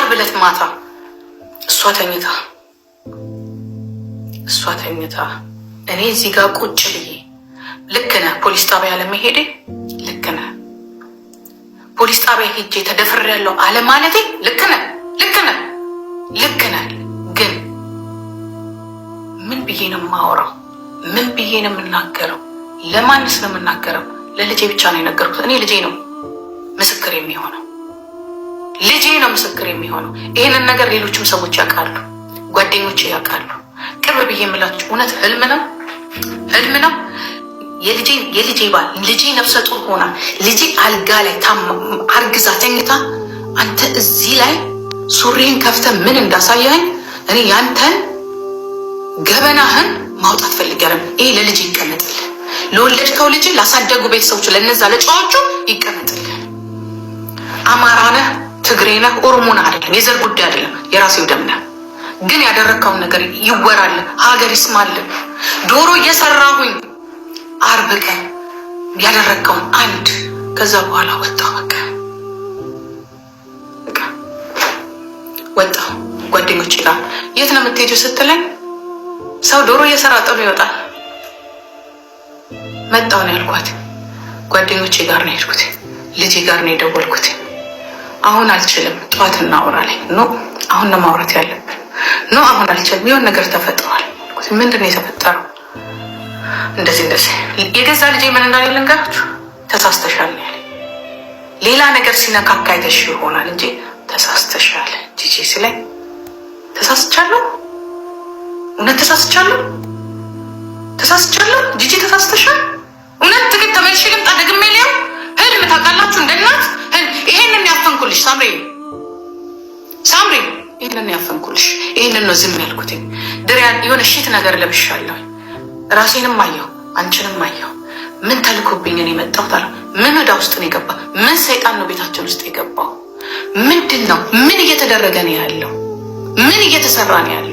አርብ ዕለት ማታ እሷ ተኝታ እሷ ተኝታ እኔ እዚህ ጋር ቁጭ ብዬ ልክ ነህ ፖሊስ ጣቢያ ለመሄዴ ልክ ነህ ፖሊስ ጣቢያ ሄጄ ተደፍር አለማለቴ ልክ ነህ ልክ ነህ ልክ ነህ። ግን ምን ብዬ ነው የማወራው? ምን ብዬ ነው የምናገረው? ለማንስ ነው የምናገረው? ለልጄ ብቻ ነው የነገርኩት። እኔ ልጄ ነው ምስክር የሚሆነው። ልጄ ነው ምስክር የሚሆነው። ይህንን ነገር ሌሎችም ሰዎች ያውቃሉ፣ ጓደኞች ያውቃሉ። ቅርብ ብዬ የምላችሁ እውነት ህልም ነው ህልም ነው። የልጄ ባል ልጄ ነፍሰ ጡር ሆና ልጄ አልጋ ላይ አርግዛ ተኝታ አንተ እዚህ ላይ ሱሪህን ከፍተ ምን እንዳሳያኝ እኔ ያንተን ገበናህን ማውጣት ፈልገርም። ይሄ ለልጅ ይቀመጥል፣ ለወለድከው ልጅ ላሳደጉ ቤተሰቦች ለነዛ ለጨዋቹ ይቀመጥል። ትግሬ ነህ ኦሮሞ ነህ አይደለም፣ የዘር ጉዳይ አይደለም፣ የራሴው ደም ነህ። ግን ያደረግከውን ነገር ይወራል፣ ሀገር ይስማል። ዶሮ እየሰራሁኝ አርብ ቀን ያደረግከውን አንድ ከዛ በኋላ ወጣ በቃ ወጣ። ጓደኞች ጋር የት ነው የምትሄጂው ስትለኝ ሰው ዶሮ እየሰራ ጥሩ ይወጣል። መጣው ነው ያልኳት። ጓደኞቼ ጋር ነው የሄድኩት። ልጄ ጋር ነው የደወልኩት። አሁን አልችልም፣ ጠዋት እናውራ ላይ ኖ አሁን ነው ማውራት ያለብን። ኖ አሁን አልችልም፣ የሆነ ነገር ተፈጥሯል። ምንድን ነው የተፈጠረው? እንደዚህ እንደዚህ። የገዛ ልጅ ምን እንዳለ ልንገራችሁ፣ ተሳስተሻል ያለ ሌላ ነገር ሲነካካ አይተሽ ይሆናል እንጂ ተሳስተሻል ጂጂ ሲለኝ ተሳስቻለሁ፣ እውነት ተሳስቻለሁ፣ ተሳስቻለሁ ጂጂ ይህንን ያፈንኩልሽ፣ ይህንን ነው ዝም ያልኩት። ድሪያን የሆነ ሽት ነገር ለብሻለሁ። ራሴንም አየሁ፣ አንቺንም አየሁ። ምን ተልኮብኝን የመጣሁት አለ። ምን ወዳ ውስጥ ነው የገባ? ምን ሰይጣን ነው ቤታችን ውስጥ የገባው? ምንድን ነው? ምን እየተደረገ ነው ያለው? ምን እየተሰራ ነው ያለው?